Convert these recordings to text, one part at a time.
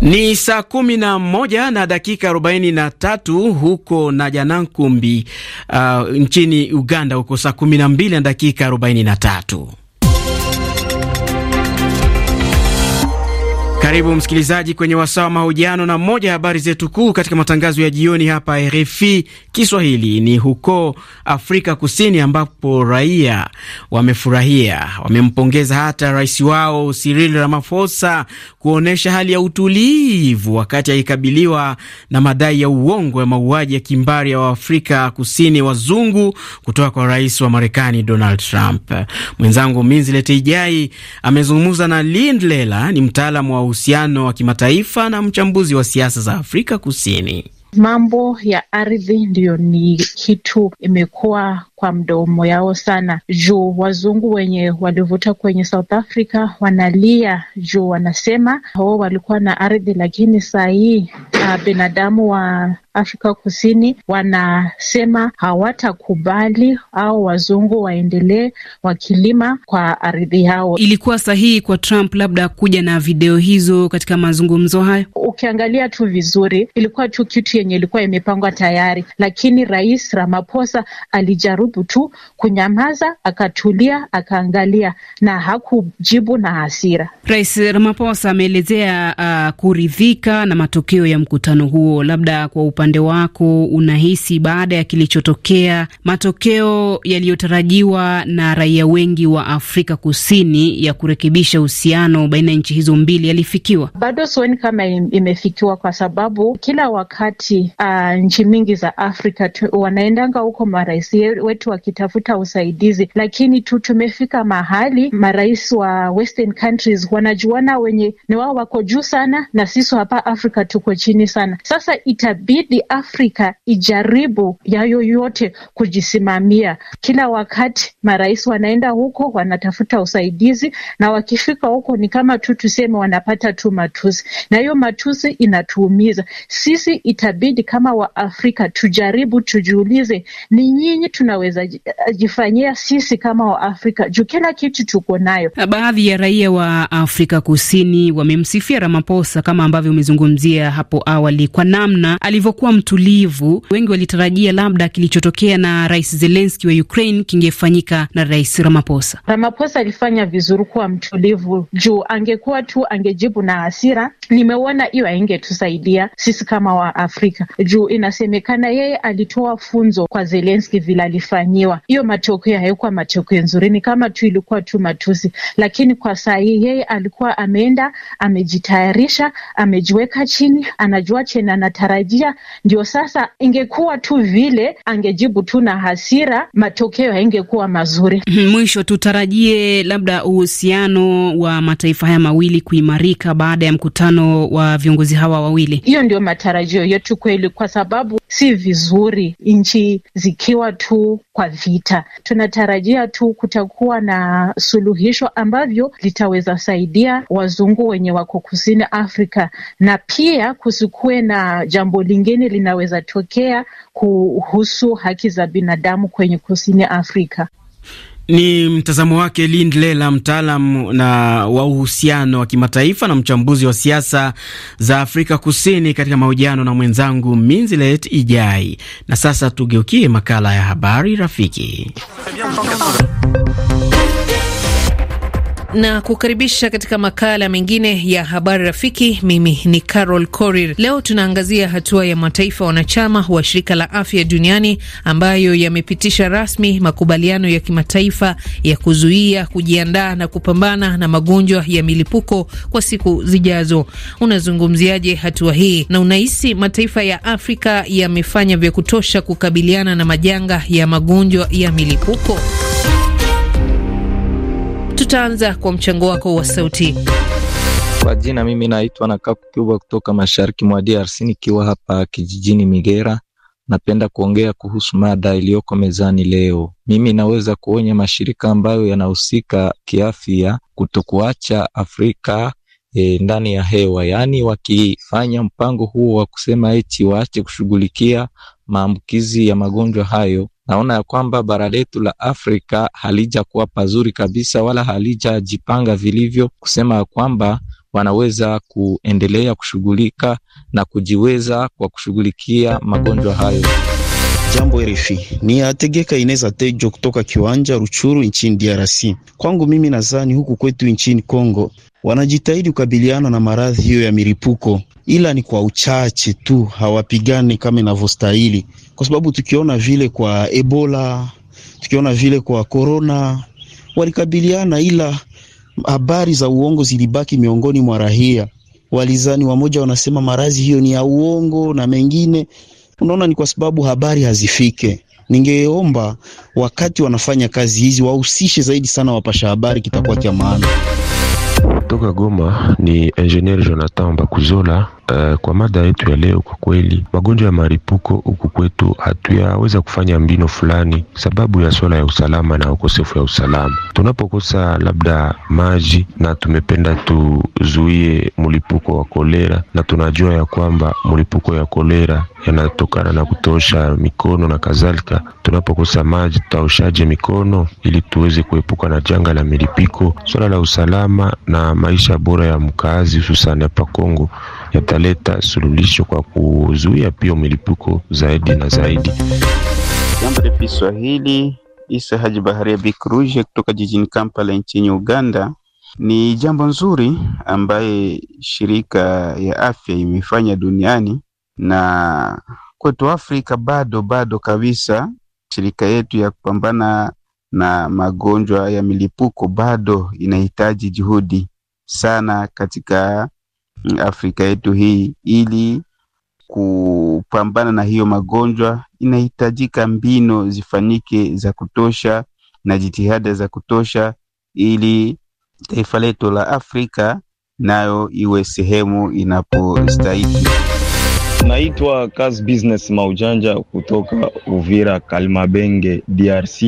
Ni saa kumi na moja na dakika arobaini na tatu huko na Janankumbi uh, nchini Uganda, huko saa kumi na mbili na dakika arobaini na tatu. Karibu msikilizaji kwenye wasaa wa mahojiano, na moja ya habari zetu kuu katika matangazo ya jioni hapa RFI Kiswahili ni huko Afrika Kusini, ambapo raia wamefurahia, wamempongeza hata rais wao Cyril Ramaphosa kuonyesha hali ya utulivu wakati akikabiliwa na madai ya uongo ya mauaji ya kimbari ya Waafrika Kusini wazungu kutoka kwa rais wa Marekani Donald Trump. Mwenzangu Minzilete Ijai amezungumza na Lindlela, ni mtaalamu wa uhusiano wa kimataifa na mchambuzi wa siasa za Afrika Kusini. Mambo ya ardhi ndiyo ni kitu imekuwa kwa mdomo yao sana juu wazungu wenye walivuta kwenye South Africa wanalia juu wanasema wao walikuwa na ardhi, lakini saa hii uh, binadamu wa Afrika Kusini wanasema hawatakubali au wazungu waendelee wakilima kwa ardhi yao. Ilikuwa sahihi kwa Trump labda kuja na video hizo katika mazungumzo hayo? Ukiangalia tu vizuri, ilikuwa tu kitu yenye ilikuwa imepangwa tayari, lakini Rais Ramaphosa alijaru karibu tu kunyamaza, akatulia, akaangalia na hakujibu na hasira. Rais Ramaphosa ameelezea uh, kuridhika na matokeo ya mkutano huo. Labda kwa upande wako unahisi baada ya kilichotokea, matokeo yaliyotarajiwa na raia wengi wa Afrika Kusini ya kurekebisha uhusiano baina ya nchi hizo mbili yalifikiwa? Bado sioni kama imefikiwa, kwa sababu kila wakati uh, nchi mingi za Afrika wanaendanga huko marais wetu wakitafuta usaidizi, lakini tu tumefika mahali marais wa western countries wanajuana wenye ni wao wako juu sana na sisi hapa Afrika tuko chini sana. Sasa itabidi Afrika ijaribu yayo yote kujisimamia. Kila wakati marais wanaenda huko wanatafuta usaidizi, na wakifika huko ni kama tu tuseme wanapata tu matusi, na hiyo matusi inatuumiza sisi. Itabidi kama Waafrika tujaribu, tujiulize ni nyinyi tunaweza tunaweza jifanyia sisi kama Waafrika juu kila kitu tuko nayo. Baadhi ya raia wa Afrika Kusini wamemsifia Ramaphosa kama ambavyo umezungumzia hapo awali, kwa namna alivyokuwa mtulivu. Wengi walitarajia labda kilichotokea na Rais zelenski wa Ukraine kingefanyika na Rais Ramaphosa. Ramaphosa alifanya vizuri kuwa mtulivu, juu angekuwa tu angejibu na hasira, nimeona hiyo aingetusaidia sisi kama Waafrika, juu inasemekana yeye alitoa funzo kwa Zelenski vile alifanya alifanyiwa. Hiyo matokeo hayakuwa matokeo nzuri, ni kama tu ilikuwa tu matusi. Lakini kwa saa hii yeye alikuwa ameenda, amejitayarisha, amejiweka chini, anajua chenye anatarajia. Ndio sasa, ingekuwa tu vile angejibu tu na hasira, matokeo haingekuwa mazuri. Hmm, mwisho tutarajie labda uhusiano wa mataifa haya mawili kuimarika baada ya mkutano wa viongozi hawa wawili. Hiyo ndio matarajio yetu kweli, kwa sababu si vizuri nchi zikiwa tu kwa vita. Tunatarajia tu kutakuwa na suluhisho ambavyo litaweza saidia wazungu wenye wako kusini Afrika, na pia kusikuwe na jambo lingine linaweza tokea kuhusu haki za binadamu kwenye kusini Afrika. Ni mtazamo wake Lindlela, mtaalam na wa uhusiano wa kimataifa na mchambuzi wa siasa za Afrika Kusini, katika mahojiano na mwenzangu Minzilet Ijai. Na sasa tugeukie makala ya habari rafiki na kukaribisha katika makala mengine ya habari rafiki. Mimi ni Carol Korir. Leo tunaangazia hatua ya mataifa wanachama wa shirika la afya duniani ambayo yamepitisha rasmi makubaliano ya kimataifa ya kuzuia, kujiandaa na kupambana na magonjwa ya milipuko kwa siku zijazo. Unazungumziaje hatua hii na unahisi mataifa ya Afrika yamefanya vya kutosha kukabiliana na majanga ya magonjwa ya milipuko? Tutaanza kwa mchango wako wa sauti. Kwa jina mimi naitwa na Kakukubwa kutoka mashariki mwa DRC nikiwa hapa kijijini Migera. Napenda kuongea kuhusu mada iliyoko mezani leo. Mimi naweza kuonya mashirika ambayo yanahusika kiafya kutokuacha Afrika e, ndani ya hewa, yaani wakifanya mpango huo wa kusema eti waache kushughulikia maambukizi ya magonjwa hayo naona ya kwamba bara letu la Afrika halijakuwa pazuri kabisa, wala halijajipanga vilivyo kusema ya kwamba wanaweza kuendelea kushughulika na kujiweza kwa kushughulikia magonjwa hayo. Jambo RFI, ni Ategeka Ineza Tejo kutoka kiwanja Ruchuru nchini DRC. Kwangu mimi nadhani huku kwetu nchini Kongo wanajitahidi kukabiliana na maradhi hiyo ya milipuko, ila ni kwa uchache tu, hawapigani kama inavyostahili, kwa sababu tukiona vile kwa Ebola, tukiona vile kwa korona walikabiliana, ila habari za uongo zilibaki miongoni mwa rahia. Walizani wamoja wanasema maradhi hiyo ni ya uongo na mengine. Unaona, ni kwa sababu habari hazifike. Ningeomba wakati wanafanya kazi hizi wahusishe zaidi sana wapasha habari, kitakuwa cha maana. Toka Goma ni Engineer Jonathan Bakuzola. Uh, kwa mada yetu ya leo, kwa kweli magonjwa ya maripuko huku kwetu hatuyaweza kufanya mbino fulani, sababu ya swala ya usalama na ukosefu ya usalama. Tunapokosa labda maji, na tumependa tuzuie mlipuko wa kolera, na tunajua ya kwamba mlipuko ya kolera yanatokana na kutosha mikono na kadhalika. Tunapokosa maji, tutaoshaje mikono ili tuweze kuepuka na janga la milipiko? Swala la usalama na maisha bora ya mkaazi, hususan hapa Kongo yataleta suluhisho kwa kuzuia pia milipuko zaidi na zaidi. Jambo la Kiswahili, Isa Haji Baharia Bikruje kutoka jijini Kampala nchini Uganda. Ni jambo nzuri ambaye shirika ya afya imefanya duniani na kwetu Afrika bado bado kabisa, shirika yetu ya kupambana na magonjwa ya milipuko bado inahitaji juhudi sana katika Afrika yetu hii, ili kupambana na hiyo magonjwa inahitajika mbinu zifanyike za kutosha na jitihada za kutosha, ili taifa letu la Afrika nayo iwe sehemu inapostahiki. Naitwa Kas Business Maujanja kutoka Uvira Kalmabenge, DRC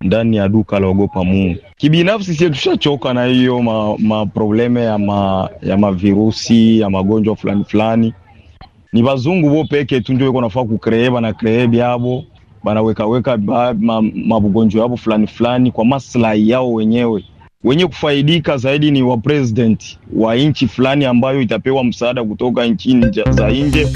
ndani ya duka la ogopa Mungu. Kibinafsi sie tushachoka na hiyo maprobleme ma ya, ma, ya mavirusi ya magonjwa fulani fulani. Ni vazungu vo peke tu ndio iko nafaa kukree banakree byabo banawekaweka mabugonjwa ma, yavo fulani fulani kwa maslahi yao wenyewe. Wenye kufaidika zaidi ni wapresidenti wa nchi fulani ambayo itapewa msaada kutoka nchi za nje.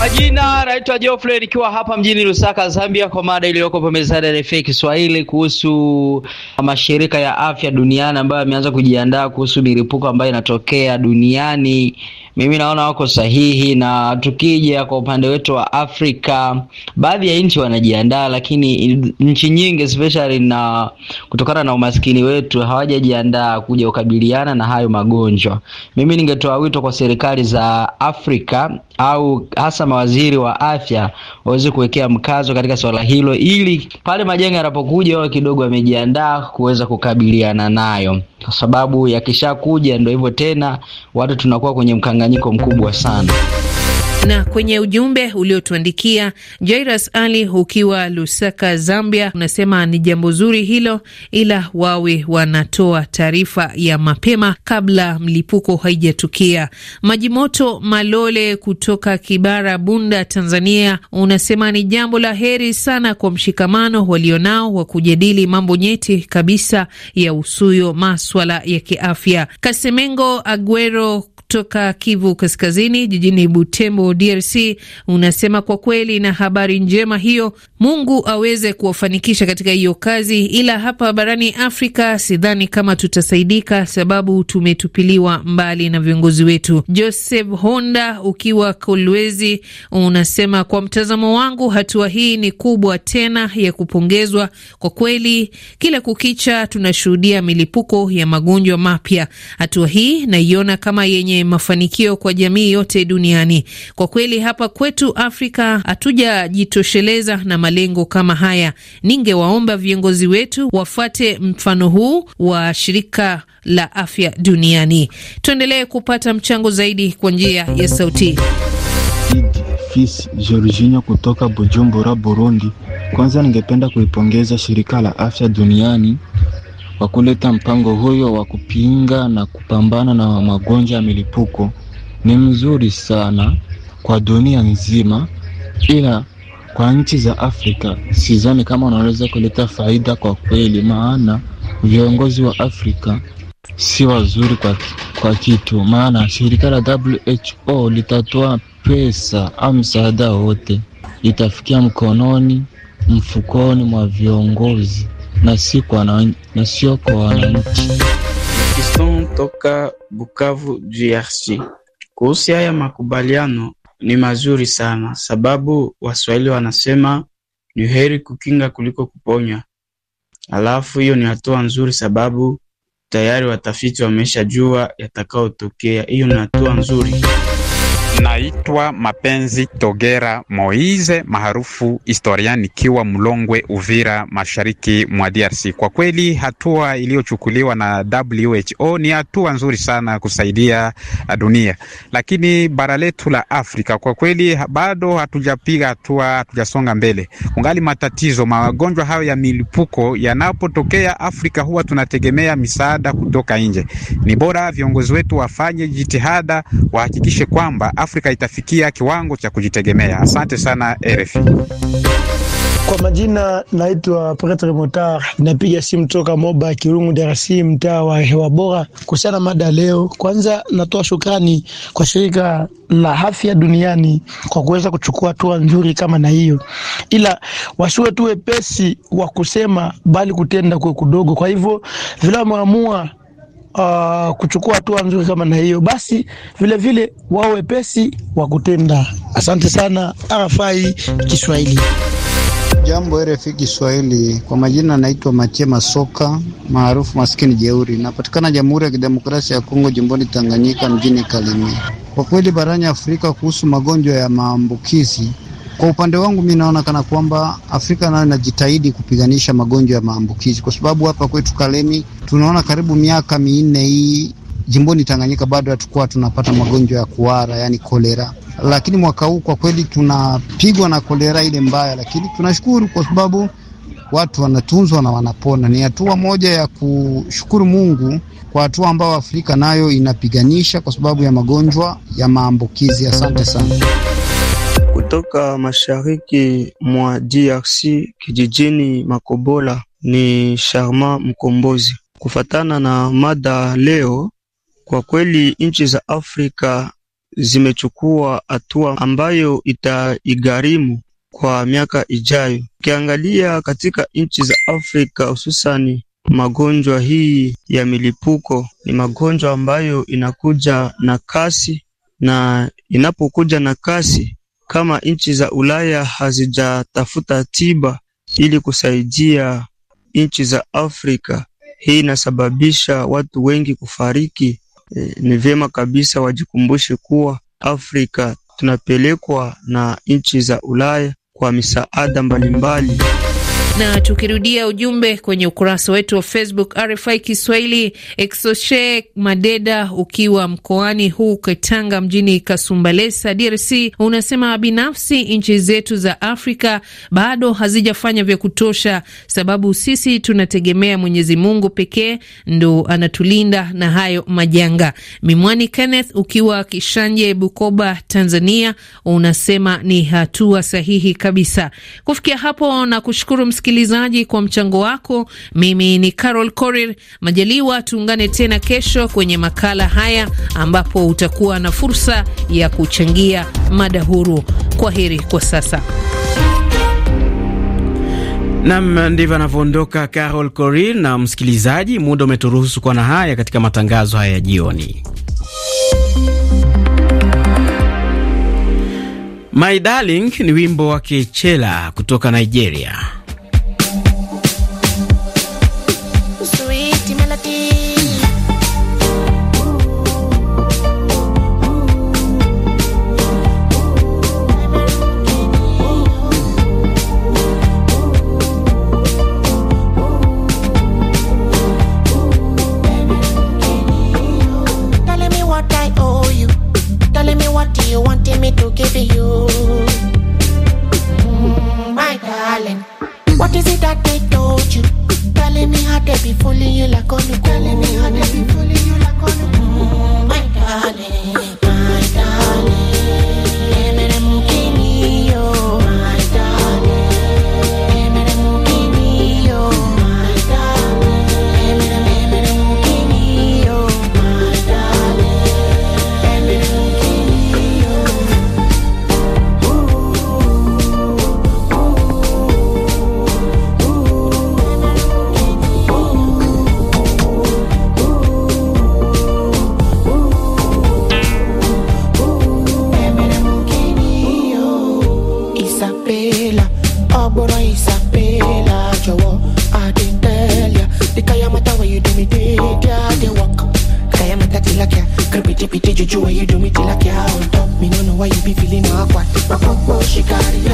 Majina naitwa Geoffrey nikiwa hapa mjini Lusaka, Zambia, kwa mada iliyoko pembezani ya RFI Kiswahili kuhusu mashirika ya afya duniani ambayo yameanza kujiandaa kuhusu milipuko ambayo inatokea duniani mimi naona wako sahihi, na tukija kwa upande wetu wa Afrika, baadhi ya nchi wanajiandaa, lakini nchi nyingi especially na kutokana na umaskini wetu hawajajiandaa kuja kukabiliana na hayo magonjwa. Mimi ningetoa wito kwa serikali za Afrika au hasa mawaziri wa afya waweze kuwekea mkazo katika swala hilo, ili pale majanga yanapokuja wao kidogo wamejiandaa kuweza kukabiliana nayo, kwa sababu yakishakuja ndio hivyo tena, watu tunakuwa kwenye mkanga mchanganyiko mkubwa sana na kwenye ujumbe uliotuandikia Jairas Ali ukiwa Lusaka, Zambia, unasema ni jambo zuri hilo, ila wawe wanatoa taarifa ya mapema kabla mlipuko haijatukia. Maji Moto Malole kutoka Kibara, Bunda, Tanzania, unasema ni jambo la heri sana kwa mshikamano walionao wa kujadili mambo nyeti kabisa ya usuyo maswala ya kiafya. Kasemengo Aguero kutoka Kivu Kaskazini, jijini Butembo, DRC, unasema kwa kweli na habari njema hiyo, Mungu aweze kuwafanikisha katika hiyo kazi, ila hapa barani Afrika sidhani kama tutasaidika, sababu tumetupiliwa mbali na viongozi wetu. Joseph Honda ukiwa Kolwezi unasema kwa mtazamo wangu, hatua hii ni kubwa tena ya kupongezwa kwa kweli. Kila kukicha tunashuhudia milipuko ya magonjwa mapya. Hatua hii naiona kama yenye yenye mafanikio kwa jamii yote duniani. Kwa kweli hapa kwetu Afrika hatujajitosheleza na malengo kama haya. Ningewaomba viongozi wetu wafuate mfano huu wa shirika la afya duniani. Tuendelee kupata mchango zaidi kwa njia ya sauti. Fis Georginio kutoka Bujumbura, Burundi. Kwanza ningependa kuipongeza shirika la afya duniani wa kuleta mpango huyo wa kupinga na kupambana na magonjwa ya milipuko ni mzuri sana kwa dunia nzima, ila kwa nchi za Afrika sizani kama wanaweza kuleta faida kwa kweli, maana viongozi wa Afrika si wazuri kwa, kwa kitu. Maana shirika la WHO litatoa pesa au msaada wote itafikia mkononi mfukoni mwa viongozi na si kwa na sio kwa wananchi. Kiston toka Bukavu, DRC. Kuhusu haya makubaliano ni mazuri sana, sababu Waswahili wanasema ni heri kukinga kuliko kuponya. Alafu hiyo ni hatua nzuri, sababu tayari watafiti wameshajua yatakayotokea. Hiyo ni hatua nzuri. Naitwa Mapenzi Togera moise maarufu historia, nikiwa Mlongwe, Uvira, mashariki mwa DRC. Kwa kweli hatua iliyochukuliwa na WHO ni hatua nzuri sana kusaidia uh, dunia, lakini bara letu la Afrika kwa kweli bado hatujapiga hatua, hatujasonga mbele, Ungali matatizo. Magonjwa hayo ya milipuko yanapotokea Afrika huwa tunategemea misaada kutoka nje. Ni bora viongozi wetu wafanye jitihada, wahakikishe kwamba Afrika itafikia kiwango cha kujitegemea. Asante sana RFI. Kwa majina naitwa Pretre Motar, napiga simu toka Moba Kirungu, DRC, mtaa wa hewa bora. Kuhusiana mada leo, kwanza natoa shukrani kwa shirika la afya duniani kwa kuweza kuchukua hatua nzuri kama na hiyo, ila wasiwe tu wepesi wa kusema, bali kutenda kuwe kudogo. Kwa hivyo vile wameamua uh, kuchukua hatua nzuri kama na hiyo, basi vilevile wao wepesi wa kutenda. Asante sana RFI Kiswahili. Jambo RFI Kiswahili, kwa majina naitwa Machema Soka maarufu maskini jeuri, napatikana Jamhuri ya Kidemokrasia ya Kongo, jimboni Tanganyika, mjini Kalemie. Kwa kweli barani Afrika kuhusu magonjwa ya maambukizi kwa upande wangu mi naona kana kwamba Afrika nayo inajitahidi kupiganisha magonjwa ya maambukizi, kwa sababu hapa kwetu Kalemi tunaona karibu miaka minne hii jimboni Tanganyika bado hatukuwa tunapata magonjwa ya kuhara, yani kolera, lakini mwaka huu kwa kweli tunapigwa na kolera ile mbaya, lakini tunashukuru kwa sababu watu wanatunzwa na wanapona. Ni hatua moja ya kushukuru Mungu kwa hatua ambayo Afrika nayo inapiganisha kwa sababu ya magonjwa ya maambukizi. Asante sana kutoka mashariki mwa DRC kijijini Makobola ni Sharma Mkombozi. Kufatana na mada leo, kwa kweli nchi za Afrika zimechukua hatua ambayo itaigharimu kwa miaka ijayo. Ukiangalia katika nchi za Afrika hususani magonjwa hii ya milipuko ni magonjwa ambayo inakuja na kasi, na inapokuja na kasi kama nchi za Ulaya hazijatafuta tiba ili kusaidia nchi za Afrika, hii inasababisha watu wengi kufariki. E, ni vyema kabisa wajikumbushe kuwa Afrika tunapelekwa na nchi za Ulaya kwa misaada mbalimbali. Na tukirudia ujumbe kwenye ukurasa wetu wa Facebook RFI Kiswahili, Exoshe Madeda ukiwa mkoani huu Katanga mjini Kasumbalesa DRC, unasema binafsi nchi zetu za Afrika bado hazijafanya vya kutosha, sababu sisi tunategemea Mwenyezi Mungu pekee ndo anatulinda na hayo majanga. Mimwani Kenneth ukiwa Kishanje Bukoba Tanzania, unasema ni hatua sahihi kabisa kufikia hapo na kushukuru msikilizaji, kwa mchango wako. Mimi ni Carol Korir. Majaliwa tuungane tena kesho kwenye makala haya, ambapo utakuwa na fursa ya kuchangia mada huru. Kwa heri kwa sasa. Nam, ndivyo anavyoondoka Carol Korir. Na msikilizaji, muda umeturuhusu kuwa na haya katika matangazo haya ya jioni. My Darling ni wimbo wa Kechela kutoka Nigeria. tippy, did you do it? You do me till I can't hold up. Me no know why you be feeling awkward. My pump, she got it.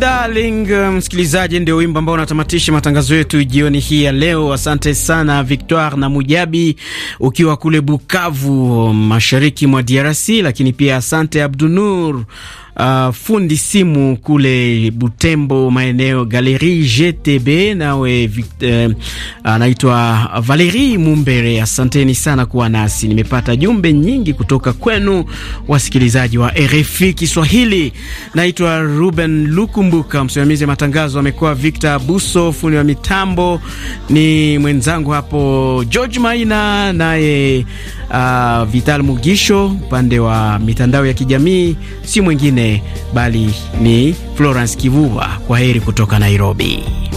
darling, uh, msikilizaji, ndio wimbo ambao unatamatisha matangazo yetu jioni hii ya leo. Asante sana Victoire na Mujabi ukiwa kule Bukavu, mashariki mwa DRC, lakini pia asante Abdunur uh, fundi simu kule Butembo, maeneo Galerie GTB. Nawe uh, anaitwa uh, Valerie Mumbere, asanteni sana kuwa nasi. Nimepata jumbe nyingi kutoka kwenu wasikilizaji wa RFI Kiswahili. Naitwa Ruben Lukumbuka, msimamizi wa matangazo amekuwa Victor Buso, fundi wa mitambo ni mwenzangu hapo George Maina, naye uh, Vital Mugisho upande wa mitandao ya kijamii si mwingine bali ni Florence Kivuva. Kwa heri kutoka Nairobi.